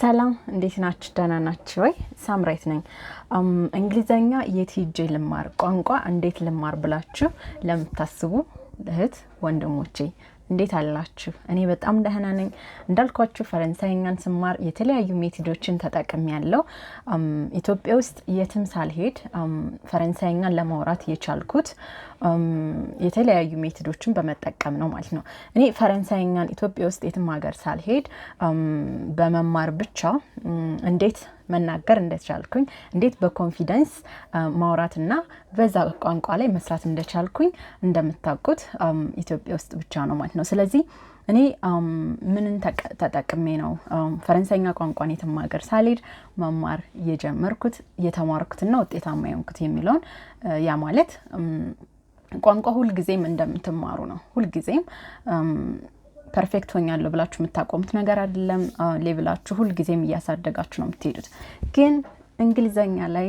ሰላም እንዴት ናችሁ? ደህና ናችሁ ወይ? ሳምራይት ነኝ። እንግሊዘኛ የት ሄጄ ልማር፣ ቋንቋ እንዴት ልማር ብላችሁ ለምታስቡ እህት ወንድሞቼ እንዴት አላችሁ? እኔ በጣም ደህና ነኝ። እንዳልኳችሁ ፈረንሳይኛን ስማር የተለያዩ ሜቶዶችን ተጠቅም ያለው ኢትዮጵያ ውስጥ የትም ሳልሄድ ፈረንሳይኛን ለማውራት የቻልኩት የተለያዩ ሜቶዶችን በመጠቀም ነው ማለት ነው። እኔ ፈረንሳይኛን ኢትዮጵያ ውስጥ የትም ሀገር ሳልሄድ በመማር ብቻ እንዴት መናገር እንደቻልኩኝ፣ እንዴት በኮንፊደንስ ማውራትና በዛ ቋንቋ ላይ መስራት እንደቻልኩኝ እንደምታውቁት ኢትዮጵያ ውስጥ ብቻ ነው ማለት ነው። ስለዚህ እኔ ምንን ተጠቅሜ ነው ፈረንሳይኛ ቋንቋን የትም ሀገር ሳልሄድ መማር የጀመርኩት የተማርኩትና ውጤታማ የሆንኩት የሚለውን ያ ማለት ቋንቋ ሁልጊዜም እንደምትማሩ ነው ሁልጊዜም ፐርፌክት ሆኛለሁ ብላችሁ የምታቆሙት ነገር አይደለም። ሌብላችሁ ሁልጊዜም እያሳደጋችሁ ነው የምትሄዱት ግን እንግሊዘኛ ላይ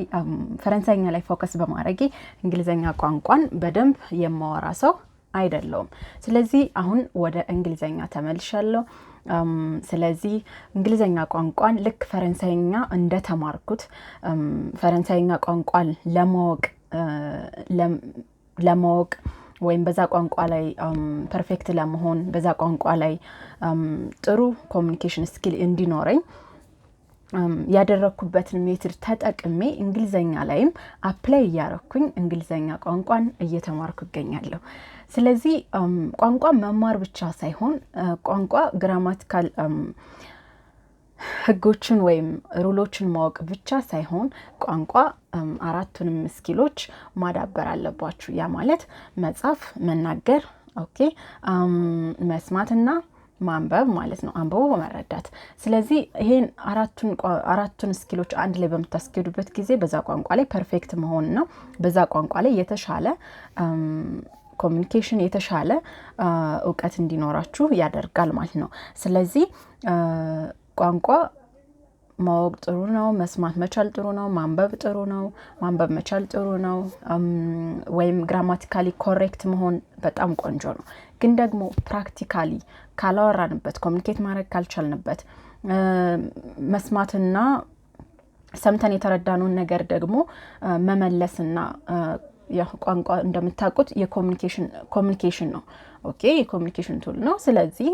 ፈረንሳይኛ ላይ ፎከስ በማድረጌ እንግሊዘኛ ቋንቋን በደንብ የማወራ ሰው አይደለውም። ስለዚህ አሁን ወደ እንግሊዘኛ ተመልሻለሁ። ስለዚህ እንግሊዘኛ ቋንቋን ልክ ፈረንሳይኛ እንደተማርኩት ፈረንሳይኛ ቋንቋን ለማወቅ ለማወቅ ወይም በዛ ቋንቋ ላይ ፐርፌክት um, ለመሆን በዛ ቋንቋ ላይ um, ጥሩ ኮሚኒኬሽን ስኪል እንዲኖረኝ um, ያደረግኩበትን ሜትድ ተጠቅሜ እንግሊዘኛ ላይም አፕላይ እያረኩኝ እንግሊዘኛ ቋንቋን እየተማርኩ ይገኛለሁ። ስለዚህ ቋንቋ መማር ብቻ ሳይሆን uh, ቋንቋ ግራማቲካል ህጎችን ወይም ሩሎችን ማወቅ ብቻ ሳይሆን ቋንቋ አራቱንም ስኪሎች ማዳበር አለባችሁ። ያ ማለት መጻፍ፣ መናገር፣ ኦኬ መስማትና ማንበብ ማለት ነው። አንብቦ በመረዳት ስለዚህ ይሄን አራቱን ስኪሎች አንድ ላይ በምታስኬዱበት ጊዜ በዛ ቋንቋ ላይ ፐርፌክት መሆን ነው። በዛ ቋንቋ ላይ የተሻለ ኮሚኒኬሽን የተሻለ እውቀት እንዲኖራችሁ ያደርጋል ማለት ነው። ስለዚህ ቋንቋ ማወቅ ጥሩ ነው። መስማት መቻል ጥሩ ነው። ማንበብ ጥሩ ነው። ማንበብ መቻል ጥሩ ነው። ወይም ግራማቲካሊ ኮሬክት መሆን በጣም ቆንጆ ነው። ግን ደግሞ ፕራክቲካሊ ካላወራንበት፣ ኮሚኒኬት ማድረግ ካልቻልንበት፣ መስማትና ሰምተን የተረዳነውን ነገር ደግሞ መመለስና ቋንቋ እንደምታውቁት የኮሚኒኬሽን ነው። ኦኬ የኮሚኒኬሽን ቱል ነው። ስለዚህ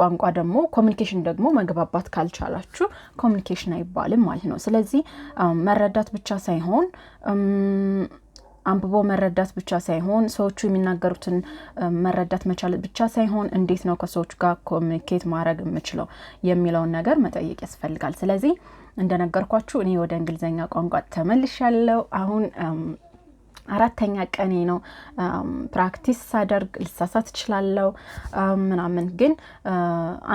ቋንቋ ደግሞ ኮሚኒኬሽን ደግሞ መግባባት ካልቻላችሁ ኮሚኒኬሽን አይባልም ማለት ነው። ስለዚህ መረዳት ብቻ ሳይሆን አንብቦ መረዳት ብቻ ሳይሆን ሰዎቹ የሚናገሩትን መረዳት መቻል ብቻ ሳይሆን እንዴት ነው ከሰዎች ጋር ኮሚኒኬት ማድረግ የምችለው የሚለውን ነገር መጠየቅ ያስፈልጋል። ስለዚህ እንደነገርኳችሁ እኔ ወደ እንግሊዝኛ ቋንቋ ተመልሻለሁ አሁን አራተኛ ቀኔ ነው። ፕራክቲስ ሳደርግ ልሳሳት እችላለሁ ምናምን፣ ግን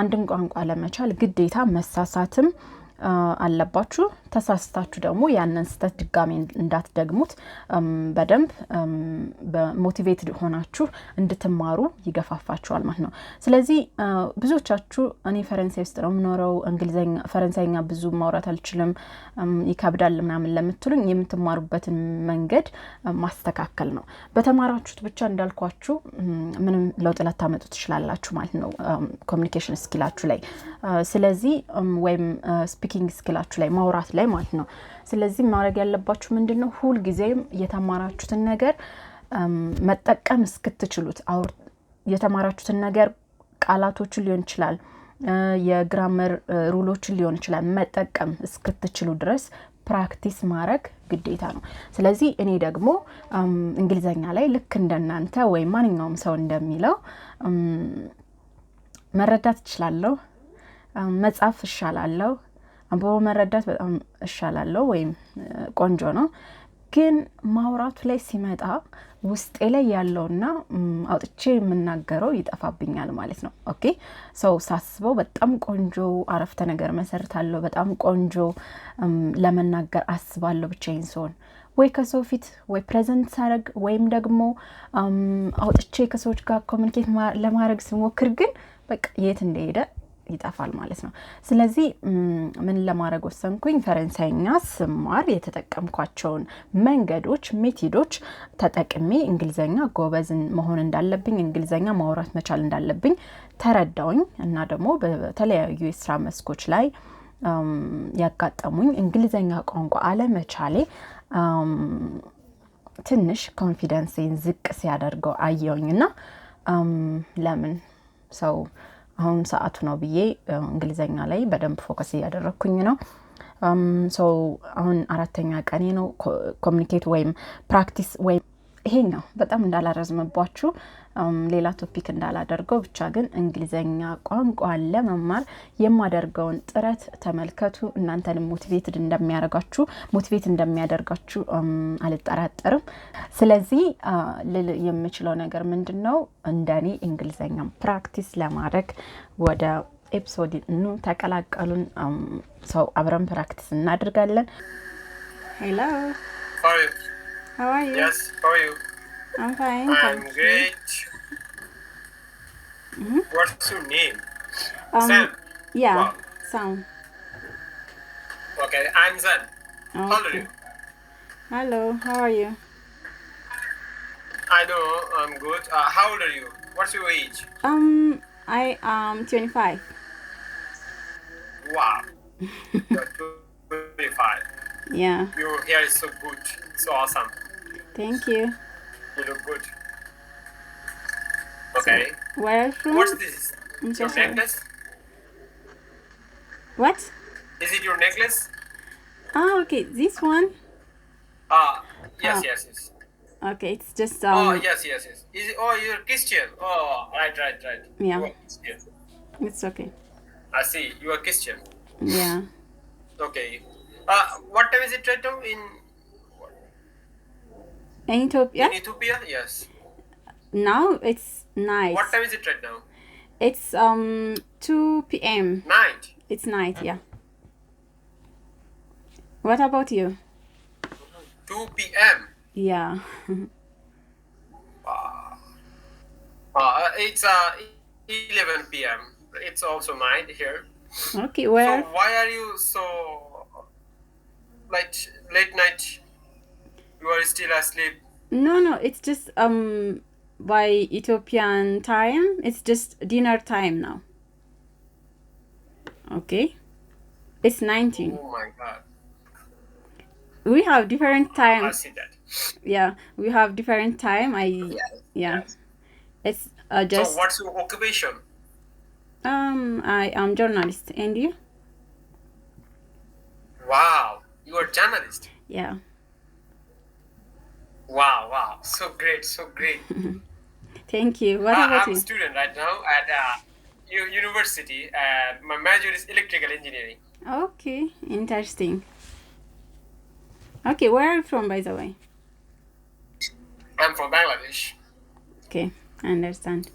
አንድን ቋንቋ ለመቻል ግዴታ መሳሳትም አለባችሁ። ተሳስታችሁ ደግሞ ያንን ስህተት ድጋሚ እንዳትደግሙት በደንብ ሞቲቬት ሆናችሁ እንድትማሩ ይገፋፋችኋል ማለት ነው። ስለዚህ ብዙዎቻችሁ እኔ ፈረንሳይ ውስጥ ነው የምኖረው፣ እንግሊዝኛ ፈረንሳይኛ ብዙ ማውራት አልችልም፣ ይከብዳል ምናምን ለምትሉኝ የምትማሩበትን መንገድ ማስተካከል ነው። በተማራችሁት ብቻ እንዳልኳችሁ ምንም ለውጥ ላታመጡ ትችላላችሁ ማለት ነው ኮሚኒኬሽን ስኪላችሁ ላይ ስለዚህ ወይም ስፒኪንግ ስኪላችሁ ላይ ማውራት ላይ ማለት ነው። ስለዚህ ማድረግ ያለባችሁ ምንድን ነው ሁልጊዜም የተማራችሁትን ነገር መጠቀም እስክትችሉት የተማራችሁትን ነገር ቃላቶችን ሊሆን ይችላል የግራመር ሩሎችን ሊሆን ይችላል መጠቀም እስክትችሉ ድረስ ፕራክቲስ ማድረግ ግዴታ ነው። ስለዚህ እኔ ደግሞ እንግሊዘኛ ላይ ልክ እንደናንተ ወይም ማንኛውም ሰው እንደሚለው መረዳት እችላለሁ፣ መጻፍ እሻላለሁ አንብቦ መረዳት በጣም እሻላለሁ ወይም ቆንጆ ነው። ግን ማውራቱ ላይ ሲመጣ ውስጤ ላይ ያለውና አውጥቼ የምናገረው ይጠፋብኛል ማለት ነው። ኦኬ ሰው ሳስበው በጣም ቆንጆ አረፍተ ነገር መሰርታለሁ፣ በጣም ቆንጆ ለመናገር አስባለሁ ብቻዬን ስሆን ወይ ከሰው ፊት ወይ ፕሬዘንት ሳረግ ወይም ደግሞ አውጥቼ ከሰዎች ጋር ኮሚኒኬት ለማድረግ ስሞክር ግን በቃ የት እንደሄደ ይጠፋል ማለት ነው። ስለዚህ ምን ለማድረግ ወሰንኩኝ? ፈረንሳይኛ ስማር የተጠቀምኳቸውን መንገዶች፣ ሜቴዶች ተጠቅሜ እንግሊዘኛ ጎበዝ መሆን እንዳለብኝ፣ እንግሊዘኛ ማውራት መቻል እንዳለብኝ ተረዳውኝ እና ደግሞ በተለያዩ የስራ መስኮች ላይ ያጋጠሙኝ እንግሊዘኛ ቋንቋ አለመቻሌ ትንሽ ኮንፊደንሴን ዝቅ ሲያደርገው አየውኝ እና ለምን ሰው አሁን ሰዓቱ ነው ብዬ እንግሊዘኛ ላይ በደንብ ፎከስ እያደረግኩኝ ነው። ሰው አሁን አራተኛ ቀኔ ነው። ኮሚኒኬት ወይም ፕራክቲስ ወይም ይሄኛው በጣም እንዳላረዝምባችሁ ሌላ ቶፒክ እንዳላደርገው ብቻ ግን እንግሊዘኛ ቋንቋ ለመማር የማደርገውን ጥረት ተመልከቱ። እናንተንም ሞቲቬትድ እንደሚያደርጋችሁ ሞቲቬት እንደሚያደርጋችሁ አልጠራጠርም። ስለዚህ ልል የምችለው ነገር ምንድን ነው እንደኔ እንግሊዘኛ ፕራክቲስ ለማድረግ ወደ ኤፒሶድ ኑ ተቀላቀሉን። ሰው አብረን ፕራክቲስ እናድርጋለን። ሄሎ How are you? Yes, how are you? I'm fine. I'm thank great. You. Mm -hmm. What's your name? Um, Sam. Yeah, wow. Sam. Okay, I'm Sam. Okay. How are you? Hello, how are you? I know, I'm good. Uh, how old are you? What's your age? Um, I am um, 25. Wow. You're 25. Yeah. Your hair is so good, so awesome. Thank you. You look good. Okay. So, where are you from? What's this? I'm your sorry. necklace? What? Is it your necklace? Ah, okay. This one? Ah, yes, oh. yes, yes. Okay, it's just oh, um. Oh yes, yes, yes. Is it, oh, you're Christian. Oh, right, right, right. Yeah. It's okay. I see. You are Christian. Yeah. Okay. Uh, what time is it right now in in Ethiopia? In Ethiopia, yes. Now it's night. What time is it right now? It's um 2 p.m. Night. It's night, yeah. What about you? 2 p.m. Yeah. uh, uh, it's uh 11 p.m. It's also night here. Okay, Well. So why are you so late? late night you are still asleep. No, no, it's just um by Ethiopian time. It's just dinner time now. Okay. It's 19. Oh my god. We have different time. I see that. Yeah, we have different time. I yes, yeah. Yes. It's uh, just So what's your occupation? Um I am journalist and you? Wow, you are journalist. Yeah. Wow, wow. So great, so great. Thank you. What uh, about I'm you? a student right now at uh, university. Uh, my major is electrical engineering. Okay, interesting. Okay, where are you from, by the way? I'm from Bangladesh. Okay, I understand.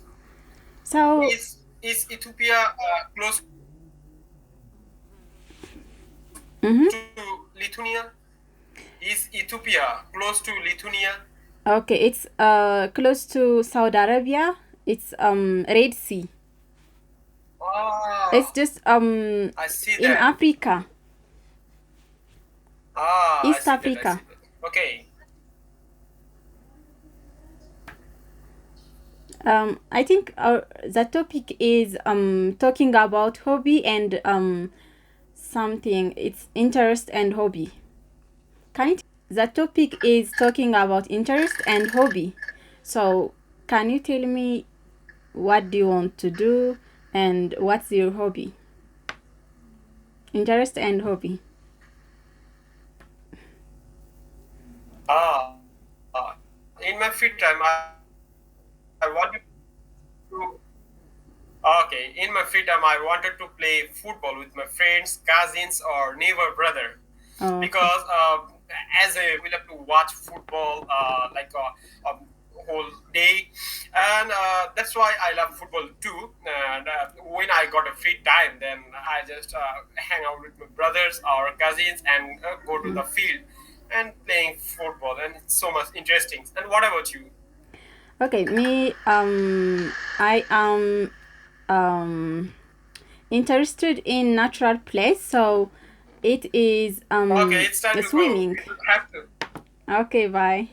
So. Is, is Ethiopia uh, close mm-hmm. to Lithuania? Is Ethiopia close to Lithuania? Okay, it's uh, close to Saudi Arabia. It's um, Red Sea. Ah, it's just um, in Africa. Ah, East Africa. That, okay. Um, I think our, uh, the topic is um, talking about hobby and um, something. It's interest and hobby. Can the topic is talking about interest and hobby. So can you tell me what do you want to do and what's your hobby? Interest and hobby. Ah, uh, in my free time, I, I wanted to. Ah, okay, in my free time, I wanted to play football with my friends, cousins, or neighbor brother, oh, okay. because uh, as a we love to watch football uh, like a, uh, a, whole day, and uh, that's why I love football too. And uh, when I got a free time, then I just uh, hang out with my brothers or cousins and uh, go to the mm-hmm. field and playing football, and it's so much interesting. And what about you? Okay, me um I am um interested in natural place so it is um okay, it's time swimming. Okay, bye.